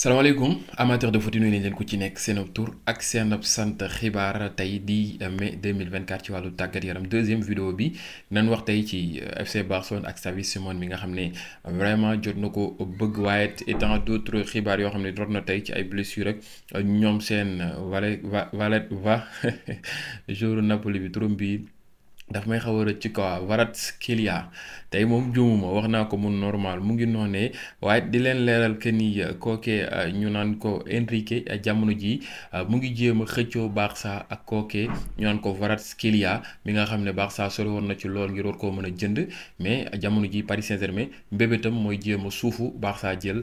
salaamaaleykum amateur de foot yi nuyu leen ku ci nekk seen tur ak seen sant xibaar tey di mai 2024 ci wàllu tàggat yaram deuxième vidéo bi nan wax tey ci euh, FC Barcelone ak Xavi Simone mi nga xam ne vraiment jot na ko bëgg waaye et tant d'autres xibaar yoo xam ne jot na tey ci ay blessures rek ñoom seen valet va valet va jour Napoli bi turam bi daf may xaw a rëcc quoi warat kilia tey moom juumuma wax naa ko mu normal mu ngi noonee waaye di leen leeral que ni euh, kookee euh, ñu naan ko Enrique euh, jamono ji mu ngi jéem a xëccoo Barça ak kookee ñu naan ko warat kilia mi nga xam ne Barça sori woon na ci lool ngir war koo mën a jënd mais jamono ji Paris Saint-Germain mbébétam mooy jéem a suufu Barça jël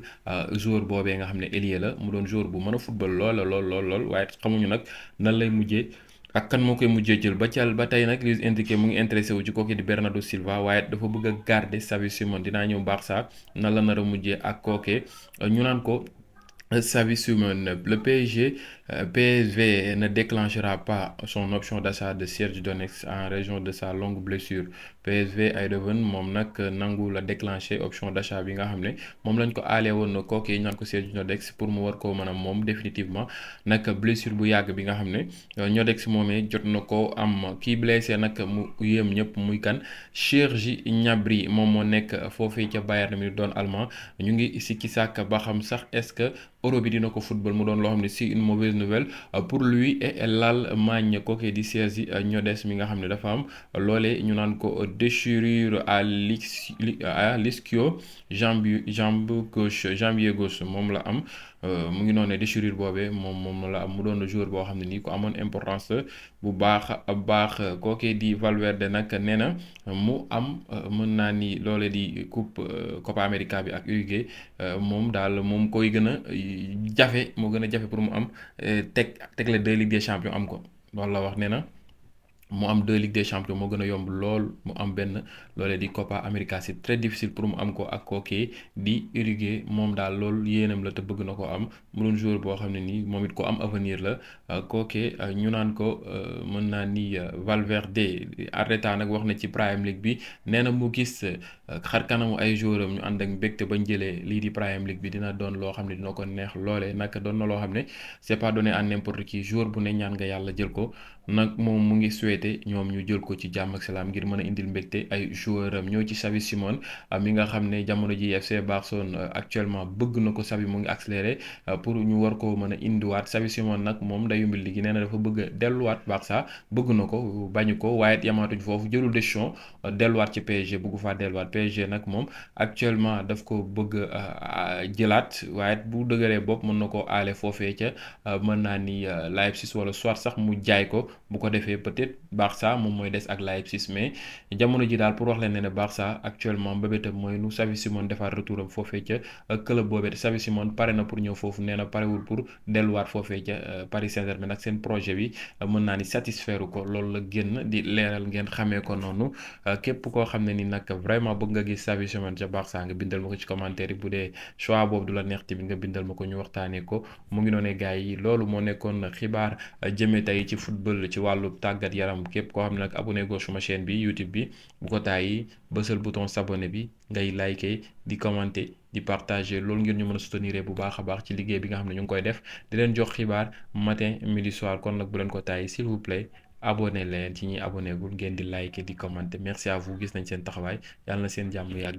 jour boobee nga xam ne ailier la mu doon jour bu mën a football loola lool lool lool waaye xamuñu nag nan lay mujjee. ak kan moo koy mujjee jël ba caal ba tey nag li indiqué mu ngi intéressé wu ci kooku di Bernardo Silva waaye dafa bëgg a garder Xavi Simons dinaa ñëw baax saa na la nar a mujjee ak kooke ñu naan ko. Savisuman, le PSG, euh, PSV ne déclenchera pas son option d'achat de Serge Donex en région de sa longue blessure PSV Eindhoven moom nag nangu la déclenché option d'achat bi nga xam ne moom lañ ko aale woon kooku yi ñu naan ko Serge Donex pour mu war ko mën a moom définitivement nag blessure bu yàgg bi nga xam ne euh, Donex moomee jot na ko am kii blessé nag mu yéem ñëpp muy kan Serge Gnabry moom moo nekk foofee ca Bayern mi doon allemand ñu ngi sikki sàkk ba xam sax est-ce que. euro bi dina ko football mu doon loo xam ne si une mauvaise nouvelle euh, pour lui et l'Allemagne kookee di Sergi euh, des mi nga xam ne dafa am loolee ñu naan ko euh, déchirure à l'ischio jambe jambe gauche jambier gauche moom la am Euh, mu ngi noonu ne déchirure boobee moom moom la am mu doon joueur boo xam ne nii ku amoon importance bu baax a baax kookee di Valverde nag nee na mu am euh, mën naa ni loole di coupe euh, Copa America bi ak Uruguay moom daal moom koy gën a jafe moo gën a jafe pour mu am teg tegle de Ligue des champions am ko loolu la wax nee na. mu am deux Ligue des champions moo gën a yomb lool mu am benn loole di Copa America c'est très difficile pour mu am ko ak kookee di Uruguay moom daal loolu yéenam la te bëgg na ko am mu doon joueur boo xam ne nii moom it ko am avenir la euh, kookee euh, ñu naan ko euh, mën naa ni Valverde Arteta nag wax na ci Premier League bi nee na mu gis xar kanamu ay joueuram ñu ànd ak mbégte bañ jëlee lii di Premier League bi dina doon loo xam ne dina ko neex loole nag doon na loo xam ne c'est pas donné à n'importe qui joueur bu ne ñaan yàlla jël ko nag moom mu ngi souhaité ñoom ñu jël ko ci jàmm ak ngir mën a indil mbégte ay joueur am ñoo ci Xavi Simone ah, mi nga xam ne jamono ji FC soon ah, actuellement bëgg na ko Xavi mu ngi accéléré ah, pour ñu war ko mën a indiwaat Xavi Simone nag moom dayu mbil gi nee na dafa bëgg delluwaat delluwaat Barça bëgg na ko bañu ko waaye it yamaatuñ foofu jëlul décision delluwaat ci pg bëggu faa delluwaat PSG nag moom actuellement daf ko bëgg a jëlaat waaye bu dëgëree bopp mën na ko ale foofee ca mën naa ni Leipzig wala soit sax mu jaay ko bu ko defee peut-être Barça moom mooy des ak Leipzig mais jamono ji daal pour wax leen ne ne actuellement mooy nu Xavi Simone retour foofee ca euh, club boobee Xavi Simone pare na pour ñëw foofu nee na parewul pour delluwaat foofee ca euh, Paris Saint-Germain nag seen projet bi euh, mën naa ni satisfaire ko loolu la génn di leeral ngeen xamee ko noonu képp koo xam ne ni nag vraiment bëgg nga gis Xavi Simone ca Barça nga bindal ma ko ci commentaire yi bu dee choix boobu du la neex tamit nga bindal ma ko ñu waxtaanee ko mu ngi moo nekkoon xibaar jëmee tey ci ci wàllu tàggat yaram képp koo xam ne nag abonné goo suma chaîne bi YouTube bi bu ko tàyyi bësal bouton s'abonner bi ngay liker di commenter di partager loolu ngir ñu mëna a bu baax a baax ci liggéey bi nga xam ne ñu ngi koy def di leen jox xibaar matin midi soir kon nag bu leen ko tàyyi s'il vous plaît abonné leen ci ñuy abonné ngeen di liker di commenter merci à gis nañ seen taxawaay yàlla na seen jàmm yàgg.